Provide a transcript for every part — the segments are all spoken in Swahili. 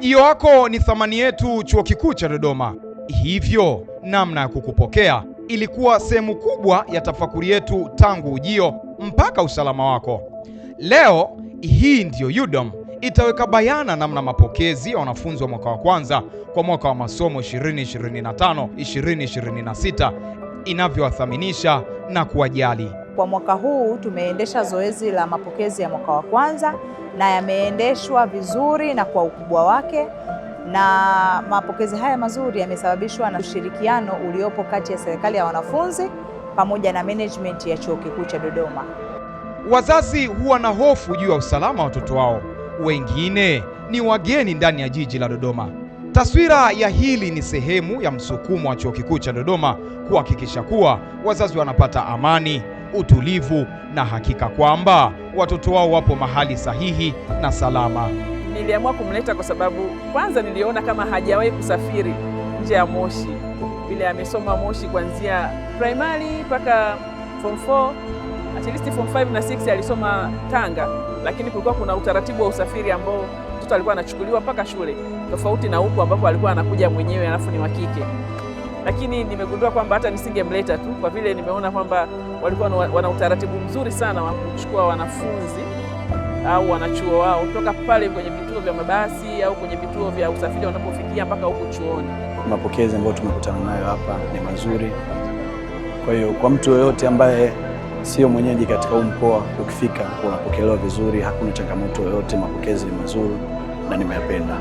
Ujio wako ni thamani yetu Chuo Kikuu cha Dodoma, hivyo namna ya kukupokea ilikuwa sehemu kubwa ya tafakuri yetu tangu ujio mpaka usalama wako. Leo hii ndiyo UDOM itaweka bayana namna mapokezi ya wanafunzi wa mwaka wa kwanza kwa mwaka wa masomo 2025 2026 inavyowathaminisha na kuwajali. Kwa mwaka huu tumeendesha zoezi la mapokezi ya mwaka wa kwanza na yameendeshwa vizuri na kwa ukubwa wake, na mapokezi haya mazuri yamesababishwa na ushirikiano uliopo kati ya serikali ya wanafunzi pamoja na management ya Chuo Kikuu cha Dodoma. Wazazi huwa na hofu juu ya usalama wa watoto wao, wengine ni wageni ndani ya jiji la Dodoma. Taswira ya hili ni sehemu ya msukumo wa Chuo Kikuu cha Dodoma kuhakikisha kuwa wazazi wanapata amani utulivu na hakika kwamba watoto wao wapo mahali sahihi na salama. Niliamua kumleta kwa sababu kwanza, niliona kama hajawahi kusafiri nje ya Moshi, vile amesoma Moshi kuanzia primary mpaka form 4 at least form 5 na 6 alisoma Tanga, lakini kulikuwa kuna utaratibu wa usafiri ambao mtoto alikuwa anachukuliwa mpaka shule, tofauti na huko ambapo alikuwa anakuja mwenyewe, alafu ni wa kike lakini nimegundua kwamba hata nisingemleta tu, kwa vile nimeona kwamba walikuwa wana utaratibu mzuri sana wa kuchukua wanafunzi au wanachuo wao kutoka pale kwenye vituo vya mabasi au kwenye vituo vya usafiri wanapofikia mpaka huko chuoni. Mapokezi ambayo tumekutana nayo hapa ni mazuri. Kwa hiyo kwa mtu yoyote ambaye sio mwenyeji katika huu mkoa, ukifika unapokelewa vizuri, hakuna changamoto yoyote. Mapokezi ni mazuri na nimeyapenda.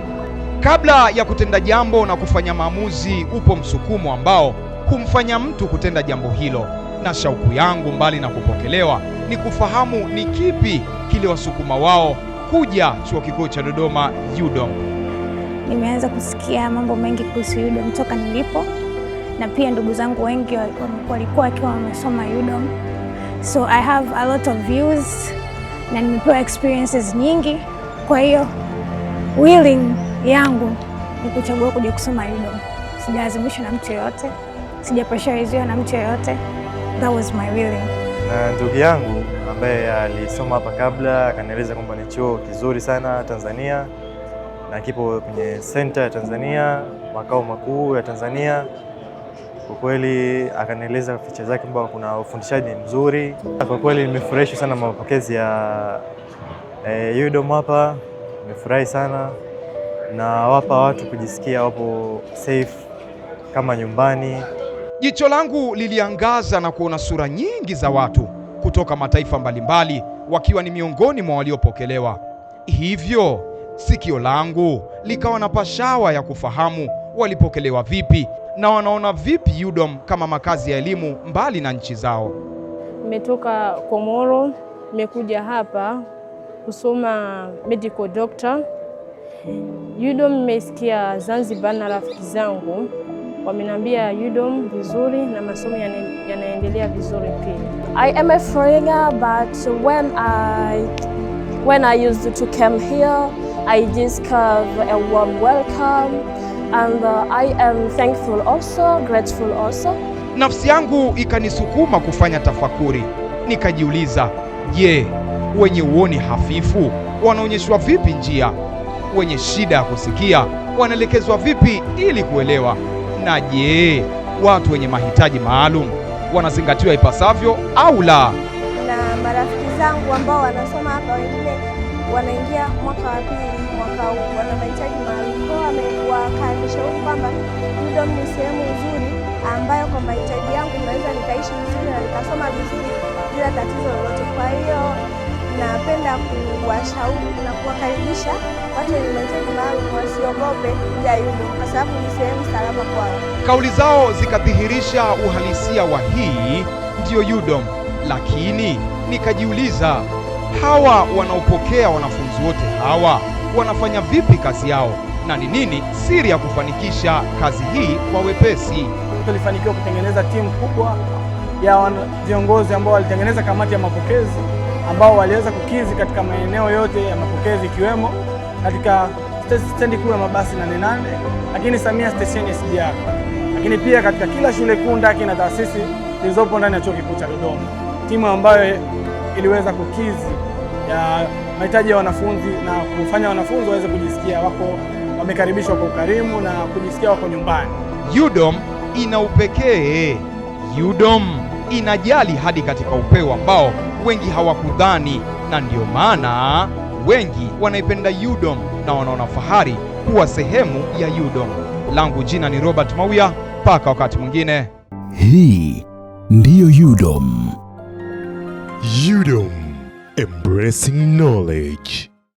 Kabla ya kutenda jambo na kufanya maamuzi, upo msukumo ambao humfanya mtu kutenda jambo hilo, na shauku yangu, mbali na kupokelewa, ni kufahamu ni kipi kiliwasukuma wao kuja Chuo Kikuu cha Dodoma UDOM. Nimeanza kusikia mambo mengi kuhusu UDOM toka nilipo, na pia ndugu zangu wengi walikuwa wakiwa wamesoma UDOM, so I have a lot of views na nimepewa experiences nyingi, kwa hiyo willing yangu ni kuchagua kuja kusoma UDOM. Sijalazimishwa na mtu yoyote, sijapreshuriziwa na mtu yoyote. That was my willing. Na ndugu yangu ambaye alisoma hapa kabla akanieleza kwamba ni chuo kizuri sana Tanzania na kipo kwenye center ya Tanzania, makao makuu ya Tanzania. Kwa kweli akanieleza ficha zake kwamba kuna ufundishaji mzuri. Kwa kweli nimefurahishwa sana mapokezi ya eh, UDOM hapa, nimefurahi sana na wapa watu kujisikia wapo safe kama nyumbani. Jicho langu liliangaza na kuona sura nyingi za watu kutoka mataifa mbalimbali wakiwa ni miongoni mwa waliopokelewa. Hivyo sikio langu likawa na pashawa ya kufahamu walipokelewa vipi na wanaona vipi UDOM kama makazi ya elimu mbali na nchi zao. Nimetoka Komoro, nimekuja hapa kusoma medical doctor Yudom mmesikia Zanzibar na rafiki zangu wamenambia Yudom vizuri na masomo yanaendelea vizuri pia. I am a foreigner but when I when I used to come here I discover a warm welcome and uh, I am thankful also, grateful also. Nafsi yangu ikanisukuma kufanya tafakuri, nikajiuliza, je, yeah, wenye uoni hafifu wanaonyeshwa vipi njia wenye shida ya kusikia wanaelekezwa vipi ili kuelewa? Na je, watu wenye mahitaji maalum wanazingatiwa ipasavyo au la? Na marafiki zangu ambao wanasoma hapa, wengine wanaingia mwaka wa pili mwaka huu, wana mahitaji maalum kwao, huku kwamba UDOM ni sehemu nzuri ambayo kwa mahitaji yangu naweza nikaishi vizuri na nikasoma vizuri bila tatizo lolote, kwa hiyo napenda kuwashauri na kuwakaribisha watu wenye mahitaji maalum wasiogope jayumu kwa sababu ni sehemu salama kwao. Kauli zao zikadhihirisha uhalisia wa hii ndiyo Yudom, lakini nikajiuliza, hawa wanaopokea wanafunzi wote hawa wanafanya vipi kazi yao na ni nini siri ya kufanikisha kazi hii kwa wepesi? Tulifanikiwa kutengeneza timu kubwa ya viongozi ambao walitengeneza kamati ya mapokezi ambao waliweza kukizi katika maeneo yote ya mapokezi ikiwemo katika stendi kuu ya mabasi Nane Nane, lakini Samia stesheni SGR, lakini pia katika kila shule kuu ndaki na taasisi zilizopo ndani ya chuo kikuu cha Dodoma, timu ambayo iliweza kukizi ya mahitaji ya wanafunzi na kufanya wanafunzi waweze kujisikia wako wamekaribishwa kwa ukarimu na kujisikia wako nyumbani. UDOM ina upekee. UDOM inajali hadi katika upeo ambao wengi hawakudhani, na ndiyo maana wengi wanaipenda UDOM na wanaona fahari kuwa sehemu ya UDOM. Langu jina ni Robert Mauya, mpaka wakati mwingine. Hii ndiyo UDOM. UDOM, embracing knowledge.